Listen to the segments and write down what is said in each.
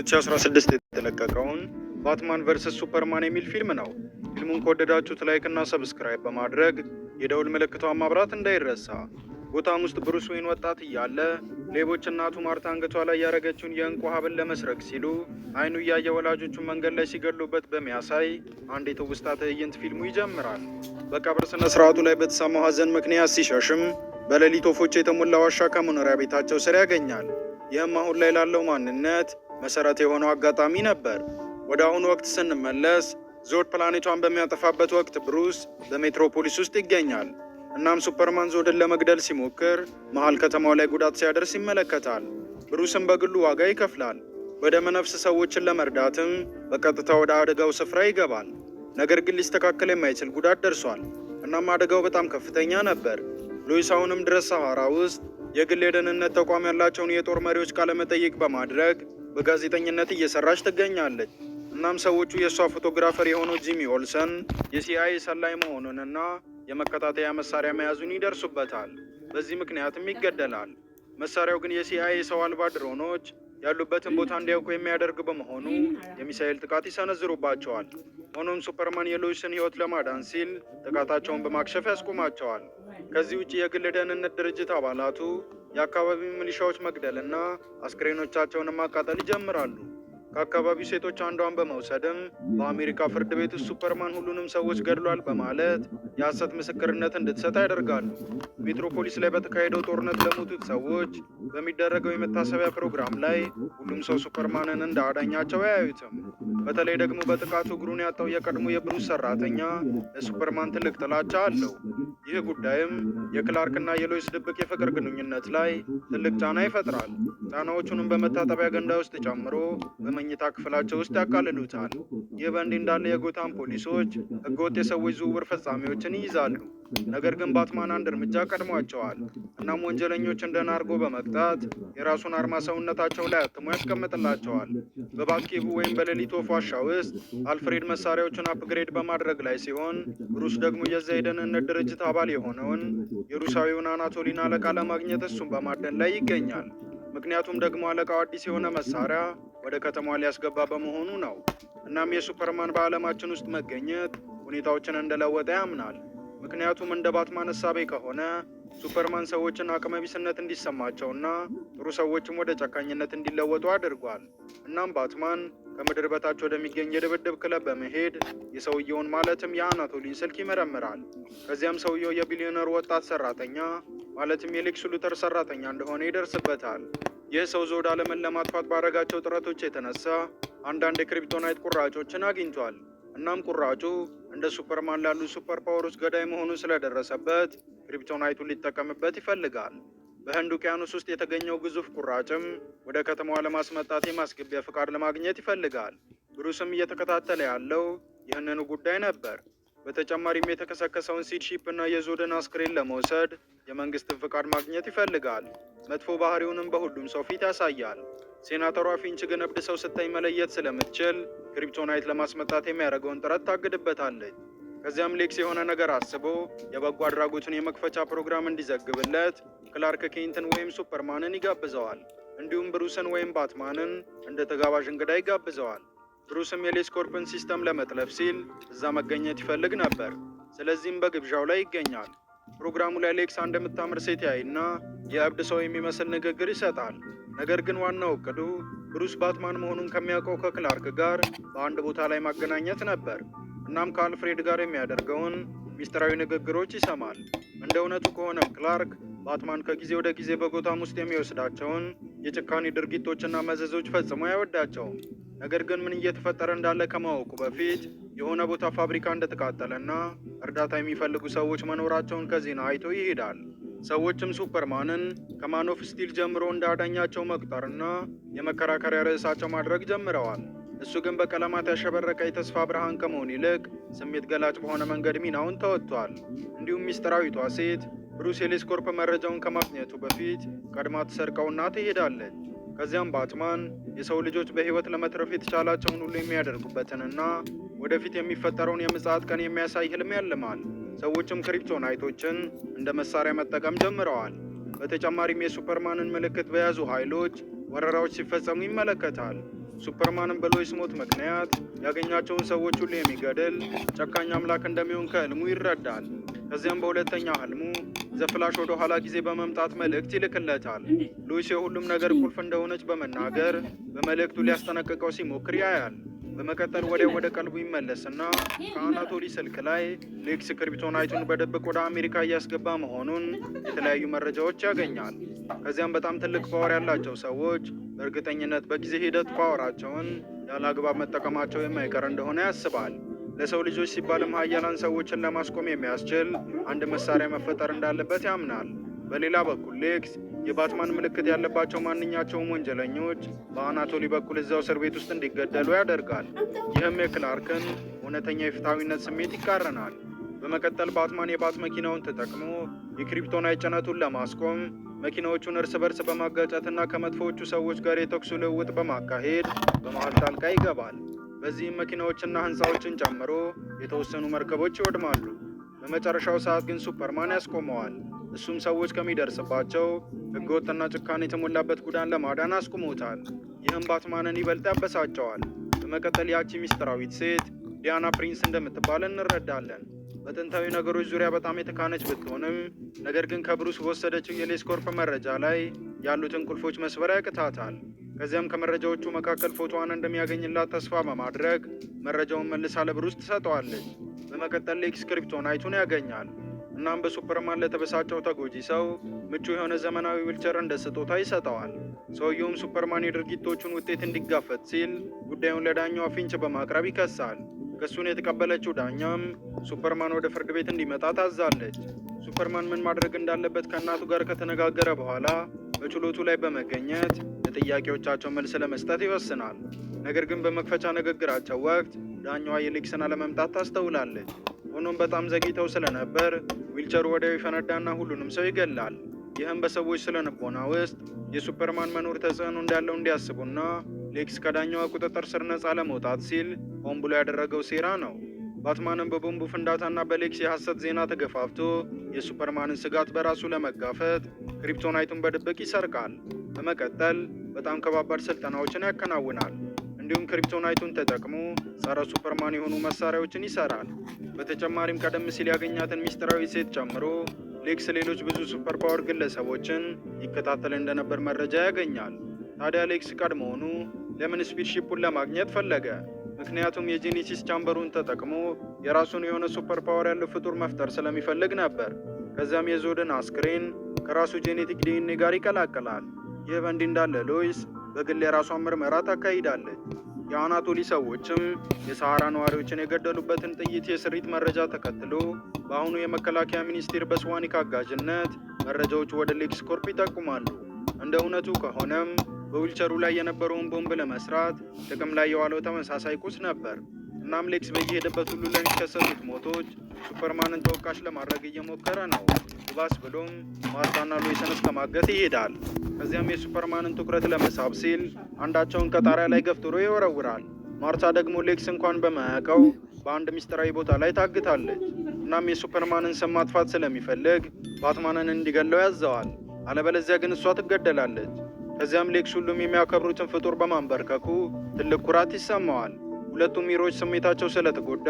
2016 የተለቀቀውን ባትማን ቨርሰስ ሱፐርማን የሚል ፊልም ነው። ፊልሙን ከወደዳችሁት ላይክ እና ሰብስክራይብ በማድረግ የደውል ምልክቷን ማብራት እንዳይረሳ። ጎታም ውስጥ ብሩስ ዌይን ወጣት እያለ ሌቦች እናቱ ማርታ አንገቷ ላይ ያደረገችውን የእንቁ ሀብል ለመስረቅ ሲሉ አይኑ እያየ ወላጆቹን መንገድ ላይ ሲገሉበት በሚያሳይ አንድ የትውስታ ትዕይንት ፊልሙ ይጀምራል። በቀብር ስነ ስርዓቱ ላይ በተሰማው ሀዘን ምክንያት ሲሸሽም በሌሊት ወፎች የተሞላ ዋሻ ከመኖሪያ ቤታቸው ስር ያገኛል። ይህም አሁን ላይ ላለው ማንነት መሰረት የሆነው አጋጣሚ ነበር። ወደ አሁኑ ወቅት ስንመለስ ዞድ ፕላኔቷን በሚያጠፋበት ወቅት ብሩስ በሜትሮፖሊስ ውስጥ ይገኛል። እናም ሱፐርማን ዞድን ለመግደል ሲሞክር መሃል ከተማው ላይ ጉዳት ሲያደርስ ይመለከታል። ብሩስም በግሉ ዋጋ ይከፍላል። በደመነፍስ ሰዎችን ለመርዳትም በቀጥታ ወደ አደጋው ስፍራ ይገባል። ነገር ግን ሊስተካከል የማይችል ጉዳት ደርሷል። እናም አደጋው በጣም ከፍተኛ ነበር። ሉዊስ አሁንም ድረስ ሰሃራ ውስጥ የግል የደህንነት ተቋም ያላቸውን የጦር መሪዎች ቃለመጠይቅ በማድረግ በጋዜጠኝነት እየሰራች ትገኛለች። እናም ሰዎቹ የእሷ ፎቶግራፈር የሆነው ጂሚ ኦልሰን የሲአይኤ ሰላይ መሆኑንና የመከታተያ መሳሪያ መያዙን ይደርሱበታል። በዚህ ምክንያትም ይገደላል። መሳሪያው ግን የሲአይኤ ሰው አልባ ድሮኖች ያሉበትን ቦታ እንዲያውቁ የሚያደርግ በመሆኑ የሚሳኤል ጥቃት ይሰነዝሩባቸዋል። ሆኖም ሱፐርማን የሉዊስን ሕይወት ለማዳን ሲል ጥቃታቸውን በማክሸፍ ያስቆማቸዋል። ከዚህ ውጭ የግል ደህንነት ድርጅት አባላቱ የአካባቢ ሚሊሻዎች መግደል እና አስክሬኖቻቸውን ማቃጠል ይጀምራሉ። ከአካባቢው ሴቶች አንዷን በመውሰድም በአሜሪካ ፍርድ ቤት ውስጥ ሱፐርማን ሁሉንም ሰዎች ገድሏል በማለት የሐሰት ምስክርነት እንድትሰጥ ያደርጋሉ። ሜትሮፖሊስ ላይ በተካሄደው ጦርነት ለሞቱት ሰዎች በሚደረገው የመታሰቢያ ፕሮግራም ላይ ሁሉም ሰው ሱፐርማንን እንደ አዳኛቸው አያዩትም። በተለይ ደግሞ በጥቃቱ እግሩን ያጣው የቀድሞ የብሩስ ሰራተኛ ለሱፐርማን ትልቅ ጥላቻ አለው። ይህ ጉዳይም የክላርክና የሎይስ ድብቅ የፍቅር ግንኙነት ላይ ትልቅ ጫና ይፈጥራል። ጫናዎቹንም በመታጠቢያ ገንዳ ውስጥ ጨምሮ መኝታ ክፍላቸው ውስጥ ያቃልሉታል። ይህ በእንዲህ እንዳለ የጎታም ፖሊሶች ህገወጥ የሰዎች ዝውውር ፈጻሚዎችን ይይዛሉ። ነገር ግን ባትማን አንድ እርምጃ ቀድሟቸዋል። እናም ወንጀለኞች እንደን ናርጎ በመቅጣት የራሱን አርማ ሰውነታቸው ላይ አትሞ ያስቀምጥላቸዋል። በባኬቡ ወይም በሌሊት ወፍ ዋሻ ውስጥ አልፍሬድ መሳሪያዎችን አፕግሬድ በማድረግ ላይ ሲሆን፣ ሩስ ደግሞ የዛ የደህንነት ድርጅት አባል የሆነውን የሩሳዊውን አናቶሊን አለቃ ለማግኘት እሱን በማደን ላይ ይገኛል። ምክንያቱም ደግሞ አለቃው አዲስ የሆነ መሳሪያ ወደ ከተማዋ ሊያስገባ በመሆኑ ነው። እናም የሱፐርማን በዓለማችን ውስጥ መገኘት ሁኔታዎችን እንደለወጠ ያምናል። ምክንያቱም እንደ ባትማን እሳቤ ከሆነ ሱፐርማን ሰዎችን አቅመቢስነት እንዲሰማቸውና ጥሩ ሰዎችም ወደ ጨካኝነት እንዲለወጡ አድርጓል። እናም ባትማን ከምድር በታች ወደሚገኝ የድብድብ ክለብ በመሄድ የሰውየውን ማለትም የአናቶሊን ስልክ ይመረምራል። ከዚያም ሰውየው የቢሊዮነር ወጣት ሰራተኛ ማለትም የሌክስ ሉተር ሰራተኛ እንደሆነ ይደርስበታል። የሰው ዘውድ ዓለምን ለማጥፋት ባረጋቸው ጥረቶች የተነሳ አንዳንድ የክሪፕቶናይት ቁራጮችን አግኝቷል። እናም ቁራጩ እንደ ሱፐርማን ላሉ ሱፐር ፓወሮች ገዳይ መሆኑን ስለደረሰበት ክሪፕቶናይቱን ሊጠቀምበት ይፈልጋል። በህንድ ውቅያኖስ ውስጥ የተገኘው ግዙፍ ቁራጭም ወደ ከተማዋ ለማስመጣት የማስገቢያ ፍቃድ ለማግኘት ይፈልጋል። ብሩስም እየተከታተለ ያለው ይህንኑ ጉዳይ ነበር። በተጨማሪም የተከሰከሰውን ሲድ ሺፕ እና የዞድን አስክሬን ለመውሰድ የመንግስትን ፍቃድ ማግኘት ይፈልጋል። መጥፎ ባህሪውንም በሁሉም ሰው ፊት ያሳያል። ሴናተሯ ፊንች ግን እብድ ሰው ስታይ መለየት ስለምትችል ክሪፕቶናይት ለማስመጣት የሚያደርገውን ጥረት ታግድበታለች። ከዚያም ሌክስ የሆነ ነገር አስቦ የበጎ አድራጎቱን የመክፈቻ ፕሮግራም እንዲዘግብለት ክላርክ ኬንትን ወይም ሱፐርማንን ይጋብዘዋል። እንዲሁም ብሩስን ወይም ባትማንን እንደ ተጋባዥ እንግዳ ይጋብዘዋል። ብሩስም የሌስኮርፕን ሲስተም ለመጥለፍ ሲል እዛ መገኘት ይፈልግ ነበር። ስለዚህም በግብዣው ላይ ይገኛል። ፕሮግራሙ ላይ አንድ የምታምር ሴት ያይና የእብድ ሰው የሚመስል ንግግር ይሰጣል። ነገር ግን ዋናው እቅዱ ብሩስ ባትማን መሆኑን ከሚያውቀው ከክላርክ ጋር በአንድ ቦታ ላይ ማገናኘት ነበር። እናም ከአልፍሬድ ጋር የሚያደርገውን ሚስጥራዊ ንግግሮች ይሰማል። እንደ እውነቱ ከሆነም ክላርክ ባትማን ከጊዜ ወደ ጊዜ በጎታም ውስጥ የሚወስዳቸውን የጭካኔ ድርጊቶችና መዘዞች ፈጽሞ አይወዳቸውም። ነገር ግን ምን እየተፈጠረ እንዳለ ከማወቁ በፊት የሆነ ቦታ ፋብሪካ እንደተቃጠለና እርዳታ የሚፈልጉ ሰዎች መኖራቸውን ከዜና አይቶ ይሄዳል። ሰዎችም ሱፐርማንን ከማኖፍ ስቲል ጀምሮ እንዳዳኛቸው መቁጠርና የመከራከሪያ ርዕሳቸው ማድረግ ጀምረዋል። እሱ ግን በቀለማት ያሸበረቀ የተስፋ ብርሃን ከመሆን ይልቅ ስሜት ገላጭ በሆነ መንገድ ሚናውን ተወጥቷል። እንዲሁም ሚስጥራዊቷ ሴት ብሩስ የሌስኮርፕ መረጃውን ከማግኘቱ በፊት ቀድማ ትሰርቀውና ትሄዳለች። ከዚያም ባትማን የሰው ልጆች በሕይወት ለመትረፍ የተቻላቸውን ሁሉ የሚያደርጉበትንና ወደፊት የሚፈጠረውን የምጽአት ቀን የሚያሳይ ህልም ያልማል። ሰዎችም ክሪፕቶናይቶችን እንደ መሳሪያ መጠቀም ጀምረዋል። በተጨማሪም የሱፐርማንን ምልክት በያዙ ኃይሎች ወረራዎች ሲፈጸሙ ይመለከታል። ሱፐርማንን በሎይስ ሞት ምክንያት ያገኛቸውን ሰዎች ሁሉ የሚገድል ጨካኝ አምላክ እንደሚሆን ከህልሙ ይረዳል። ከዚያም በሁለተኛ ህልሙ ዘፍላሽ ወደ ኋላ ጊዜ በመምጣት መልእክት ይልክለታል። ሉዊስ የሁሉም ነገር ቁልፍ እንደሆነች በመናገር በመልእክቱ ሊያስጠነቅቀው ሲሞክር ያያል። በመቀጠል ወደ ወደ ቀልቡ ይመለስና ከአናቶሊ ስልክ ላይ ሌክስ ክሪፕቶናይቱን በደብቅ ወደ አሜሪካ እያስገባ መሆኑን የተለያዩ መረጃዎች ያገኛል። ከዚያም በጣም ትልቅ ፓወር ያላቸው ሰዎች በእርግጠኝነት በጊዜ ሂደት ፓወራቸውን ያለ አግባብ መጠቀማቸው የማይቀር እንደሆነ ያስባል። ለሰው ልጆች ሲባልም ሀያላን ሰዎችን ለማስቆም የሚያስችል አንድ መሳሪያ መፈጠር እንዳለበት ያምናል። በሌላ በኩል ሌክስ የባትማን ምልክት ያለባቸው ማንኛቸውም ወንጀለኞች በአናቶሊ በኩል እዚያው እስር ቤት ውስጥ እንዲገደሉ ያደርጋል። ይህም የክላርክን እውነተኛ የፍትሐዊነት ስሜት ይቃረናል። በመቀጠል ባትማን የባት መኪናውን ተጠቅሞ የክሪፕቶናይት ጭነቱን ለማስቆም መኪናዎቹን እርስ በርስ በማጋጨትና ከመጥፎዎቹ ሰዎች ጋር የተኩሱ ልውውጥ በማካሄድ በመሀል ጣልቃ ይገባል። በዚህም መኪናዎችና ህንፃዎችን ጨምሮ የተወሰኑ መርከቦች ይወድማሉ። በመጨረሻው ሰዓት ግን ሱፐርማን ያስቆመዋል። እሱም ሰዎች ከሚደርስባቸው ሕገወጥና ጭካኔ የተሞላበት ጉዳን ለማዳን አስቁሞታል። ይህም ባትማንን ይበልጥ ያበሳጨዋል። በመቀጠል ያቺ ሚስጥራዊት ሴት ዲያና ፕሪንስ እንደምትባል እንረዳለን። በጥንታዊ ነገሮች ዙሪያ በጣም የተካነች ብትሆንም ነገር ግን ከብሩስ በወሰደችው የሌስኮርፕ መረጃ ላይ ያሉትን ቁልፎች መስበር ያቅታታል። ከዚያም ከመረጃዎቹ መካከል ፎቶዋን እንደሚያገኝላት ተስፋ በማድረግ መረጃውን መልሳ ለብሩስ ትሰጠዋለች። በመቀጠል ሌክስ ክሪፕቶናይቱን ያገኛል። እናም በሱፐርማን ለተበሳጨው ተጎጂ ሰው ምቹ የሆነ ዘመናዊ ዊልቸር እንደ ስጦታ ይሰጠዋል። ሰውየውም ሱፐርማን የድርጊቶቹን ውጤት እንዲጋፈጥ ሲል ጉዳዩን ለዳኛዋ ፊንች በማቅረብ ይከሳል። ክሱን የተቀበለችው ዳኛም ሱፐርማን ወደ ፍርድ ቤት እንዲመጣ ታዛለች። ሱፐርማን ምን ማድረግ እንዳለበት ከእናቱ ጋር ከተነጋገረ በኋላ በችሎቱ ላይ በመገኘት ለጥያቄዎቻቸው መልስ ለመስጠት ይወስናል። ነገር ግን በመክፈቻ ንግግራቸው ወቅት ዳኛዋ የሊክስን አለመምጣት ታስተውላለች። ሆኖም በጣም ዘግይተው ስለነበር ዊልቸሩ ወዲያው ይፈነዳና ሁሉንም ሰው ይገላል። ይህም በሰዎች ስነልቦና ውስጥ የሱፐርማን መኖር ተጽዕኖ እንዳለው እንዲያስቡና ሌክስ ከዳኛዋ ቁጥጥር ስር ነፃ ለመውጣት ሲል ሆን ብሎ ያደረገው ሴራ ነው። ባትማንም በቦምቡ ፍንዳታና በሌክስ የሐሰት ዜና ተገፋፍቶ የሱፐርማንን ስጋት በራሱ ለመጋፈጥ ክሪፕቶናይቱን በድብቅ ይሰርቃል። በመቀጠል በጣም ከባባድ ስልጠናዎችን ያከናውናል። እንዲሁም ክሪፕቶናይቱን ተጠቅሞ ጸረ ሱፐርማን የሆኑ መሳሪያዎችን ይሰራል። በተጨማሪም ቀደም ሲል ያገኛትን ሚስጥራዊ ሴት ጨምሮ ሌክስ ሌሎች ብዙ ሱፐር ፓወር ግለሰቦችን ይከታተል እንደነበር መረጃ ያገኛል። ታዲያ ሌክስ ቀድሞውኑ ለምን ስፒድሺፑን ለማግኘት ፈለገ? ምክንያቱም የጄኔሲስ ቻምበሩን ተጠቅሞ የራሱን የሆነ ሱፐር ፓወር ያለው ፍጡር መፍጠር ስለሚፈልግ ነበር። ከዚያም የዞድን አስክሬን ከራሱ ጄኔቲክ ዲኤንኤ ጋር ይቀላቅላል። ይህ በእንዲህ እንዳለ ሎይስ በግል የራሷን ምርመራ ታካሂዳለች። የአናቶሊ ሰዎችም የሰሃራ ነዋሪዎችን የገደሉበትን ጥይት የስሪት መረጃ ተከትሎ በአሁኑ የመከላከያ ሚኒስቴር በስዋኒክ አጋዥነት መረጃዎች ወደ ሌክስ ኮርፕ ይጠቁማሉ። እንደ እውነቱ ከሆነም በዊልቸሩ ላይ የነበረውን ቦምብ ለመስራት ጥቅም ላይ የዋለው ተመሳሳይ ቁስ ነበር። እናም ሌክስ በየሄደበት ሁሉ ላይ ሞቶች ሱፐርማንን ተወቃሽ ለማድረግ እየሞከረ ነው። ባስ ብሎም ማርታና ሉዊስን እስከ ማገት ይሄዳል። ከዚያም የሱፐርማንን ትኩረት ለመሳብ ሲል አንዳቸውን ከጣሪያ ላይ ገፍትሮ ይወረውራል። ማርታ ደግሞ ሌክስ እንኳን በማያውቀው በአንድ ምስጢራዊ ቦታ ላይ ታግታለች። እናም የሱፐርማንን ስም ማጥፋት ስለሚፈልግ ባትማንን እንዲገለው ያዘዋል። አለበለዚያ ግን እሷ ትገደላለች። ከዚያም ሌክስ ሁሉም የሚያከብሩትን ፍጡር በማንበርከኩ ትልቅ ኩራት ይሰማዋል። ሁለቱም ሂሮች ስሜታቸው ስለተጎዳ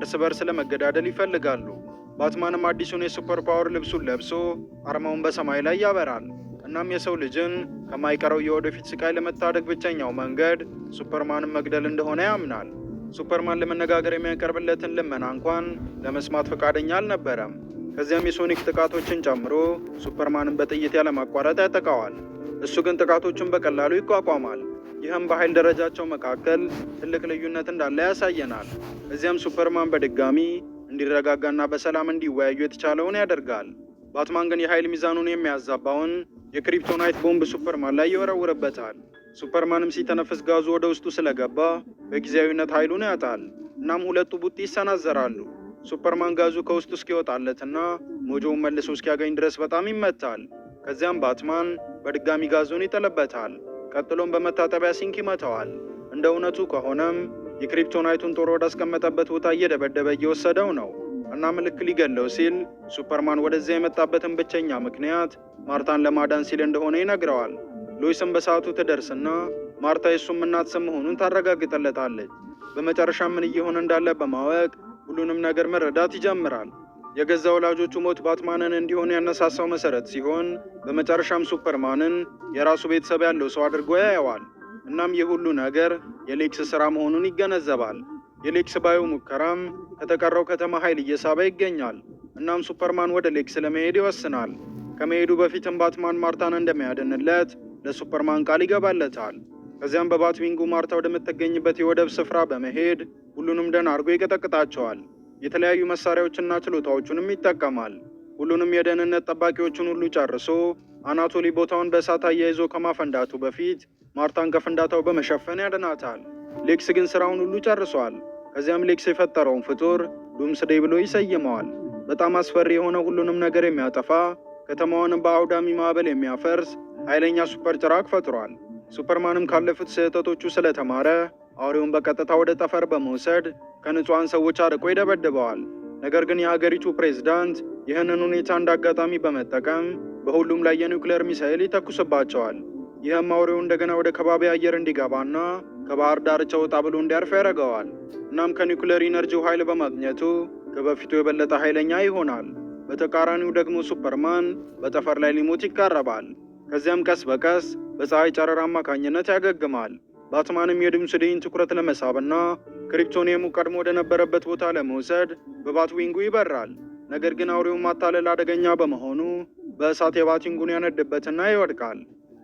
እርስ በርስ ለመገዳደል ይፈልጋሉ። ባትማንም አዲሱን የሱፐር ፓወር ልብሱን ለብሶ አርማውን በሰማይ ላይ ያበራል። እናም የሰው ልጅን ከማይቀረው የወደፊት ስቃይ ለመታደግ ብቸኛው መንገድ ሱፐርማንን መግደል እንደሆነ ያምናል። ሱፐርማን ለመነጋገር የሚያቀርብለትን ልመና እንኳን ለመስማት ፈቃደኛ አልነበረም። ከዚያም የሶኒክ ጥቃቶችን ጨምሮ ሱፐርማንን በጥይት ያለማቋረጥ ያጠቃዋል። እሱ ግን ጥቃቶቹን በቀላሉ ይቋቋማል። ይህም በኃይል ደረጃቸው መካከል ትልቅ ልዩነት እንዳለ ያሳየናል። እዚያም ሱፐርማን በድጋሚ እንዲረጋጋና በሰላም እንዲወያዩ የተቻለውን ያደርጋል። ባትማን ግን የኃይል ሚዛኑን የሚያዛባውን የክሪፕቶናይት ቦምብ ሱፐርማን ላይ ይወረውርበታል። ሱፐርማንም ሲተነፍስ ጋዙ ወደ ውስጡ ስለገባ በጊዜያዊነት ኃይሉን ያጣል። እናም ሁለቱ ቡጢ ይሰናዘራሉ። ሱፐርማን ጋዙ ከውስጡ እስኪወጣለትና ሞጆውን መልሶ እስኪያገኝ ድረስ በጣም ይመታል። ከዚያም ባትማን በድጋሚ ጋዙን ይጥልበታል። ቀጥሎም በመታጠቢያ ሲንክ ይመታዋል። እንደ እውነቱ ከሆነም የክሪፕቶናይቱን ጦር ወዳስቀመጠበት ቦታ እየደበደበ እየወሰደው ነው እና ምልክ ሊገለው ሲል ሱፐርማን ወደዚያ የመጣበትን ብቸኛ ምክንያት ማርታን ለማዳን ሲል እንደሆነ ይነግረዋል። ሎይስም በሰዓቱ ትደርስና ማርታ የእሱም እናት ስም መሆኑን ታረጋግጥለታለች። በመጨረሻ ምን እየሆነ እንዳለ በማወቅ ሁሉንም ነገር መረዳት ይጀምራል። የገዛ ወላጆቹ ሞት ባትማንን እንዲሆን ያነሳሳው መሰረት ሲሆን በመጨረሻም ሱፐርማንን የራሱ ቤተሰብ ያለው ሰው አድርጎ ያየዋል። እናም ይህ ሁሉ ነገር የሌክስ ስራ መሆኑን ይገነዘባል። የሌክስ ባዩ ሙከራም ከተቀረው ከተማ ኃይል እየሳበ ይገኛል። እናም ሱፐርማን ወደ ሌክስ ለመሄድ ይወስናል። ከመሄዱ በፊትም ባትማን ማርታን እንደሚያድንለት ለሱፐርማን ቃል ይገባለታል። ከዚያም በባትዊንጉ ማርታ ወደምትገኝበት የወደብ ስፍራ በመሄድ ሁሉንም ደን አድርጎ ይቀጠቅጣቸዋል። የተለያዩ መሳሪያዎችና ችሎታዎቹንም ይጠቀማል። ሁሉንም የደህንነት ጠባቂዎችን ሁሉ ጨርሶ አናቶሊ ቦታውን በእሳት አያይዞ ከማፈንዳቱ በፊት ማርታን ከፍንዳታው በመሸፈን ያድናታል። ሌክስ ግን ስራውን ሁሉ ጨርሷል። ከዚያም ሌክስ የፈጠረውን ፍጡር ዱምስዴ ብሎ ይሰይመዋል። በጣም አስፈሪ የሆነ ሁሉንም ነገር የሚያጠፋ ከተማዋንም በአውዳሚ ማዕበል የሚያፈርስ ኃይለኛ ሱፐር ጭራቅ ፈጥሯል። ሱፐርማንም ካለፉት ስህተቶቹ ስለተማረ አውሬውን በቀጥታ ወደ ጠፈር በመውሰድ ከንጹሐን ሰዎች አርቆ ይደበድበዋል። ነገር ግን የሀገሪቱ ፕሬዝዳንት ይህንን ሁኔታ እንዳጋጣሚ በመጠቀም በሁሉም ላይ የኒውክሌር ሚሳኤል ይተኩስባቸዋል። ይህም አውሬው እንደገና ወደ ከባቢ አየር እንዲገባና ከባህር ዳርቻ ወጣ ብሎ እንዲያርፍ ያደርገዋል። እናም ከኒውክሌር ኢነርጂው ኃይል በማግኘቱ ከበፊቱ የበለጠ ኃይለኛ ይሆናል። በተቃራኒው ደግሞ ሱፐርማን በጠፈር ላይ ሊሞት ይቃረባል። ከዚያም ቀስ በቀስ በፀሐይ ጨረር አማካኝነት ያገግማል። ባትማንም ድኝ ትኩረት ለመሳብና ክሪፕቶኒየሙ ቀድሞ ወደነበረበት ቦታ ለመውሰድ በባትዊንጉ ይበራል። ነገር ግን አውሬውን ማታለል አደገኛ በመሆኑ በእሳት የባትዊንጉን ያነድበትና ይወድቃል።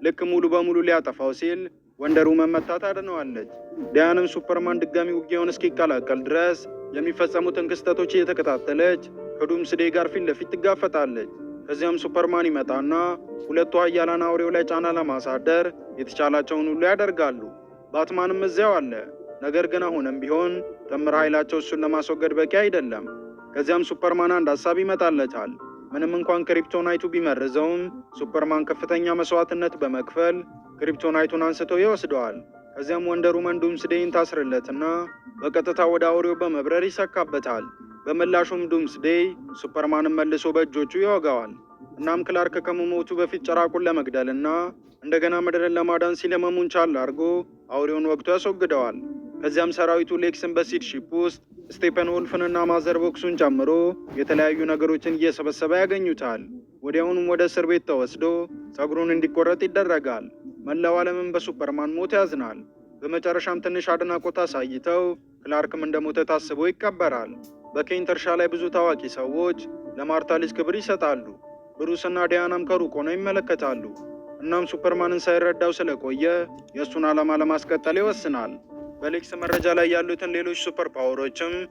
ልክ ሙሉ በሙሉ ሊያጠፋው ሲል ወንደሩ መመታት አድነዋለች። ዳያንም ሱፐርማን ድጋሚ ውጊያውን እስኪቀላቀል ድረስ የሚፈጸሙትን ክስተቶች እየተከታተለች ከዱምስዴ ጋር ፊት ለፊት ትጋፈጣለች። ከዚያም ሱፐርማን ይመጣና ሁለቱ ኃያላን አውሬው ላይ ጫና ለማሳደር የተቻላቸውን ሁሉ ያደርጋሉ። ባትማንም እዚያው አለ። ነገር ግን አሁንም ቢሆን ጥምር ኃይላቸው እሱን ለማስወገድ በቂ አይደለም። ከዚያም ሱፐርማን አንድ ሀሳብ ይመጣለታል። ምንም እንኳን ክሪፕቶናይቱ ቢመርዘውም ሱፐርማን ከፍተኛ መስዋዕትነት በመክፈል ክሪፕቶናይቱን አንስቶ ይወስደዋል። ከዚያም ወንደሩ መንዱም ስዴይን ታስርለትና በቀጥታ ወደ አውሬው በመብረር ይሰካበታል። በምላሹም ዱምስዴይ ሱፐርማንን መልሶ በእጆቹ ይወጋዋል። እናም ክላርክ ከመሞቱ በፊት ጭራቁን ለመግደልና እንደገና ምድርን ለማዳን ሲለመሙን ቻል አድርጎ አውሬውን ወግቶ ያስወግደዋል። በዚያም ሰራዊቱ ሌክስን በሲድ ሺፕ ውስጥ ስቴፐን ወልፍንና ማዘር ቦክሱን ጨምሮ የተለያዩ ነገሮችን እየሰበሰበ ያገኙታል። ወዲያውኑም ወደ እስር ቤት ተወስዶ ጸጉሩን እንዲቆረጥ ይደረጋል። መላው ዓለምን በሱፐርማን ሞት ያዝናል። በመጨረሻም ትንሽ አድናቆት አሳይተው ክላርክም እንደሞተ ታስቦ ይቀበራል። በኬንት እርሻ ላይ ብዙ ታዋቂ ሰዎች ለማርታ ልጅ ክብር ይሰጣሉ። ብሩስና ዲያናም ከሩቅ ሆነው ይመለከታሉ። እናም ሱፐርማንን ሳይረዳው ስለቆየ የእሱን ዓላማ ለማስቀጠል ይወስናል። በሌክስ መረጃ ላይ ያሉትን ሌሎች ሱፐር ፓወሮችም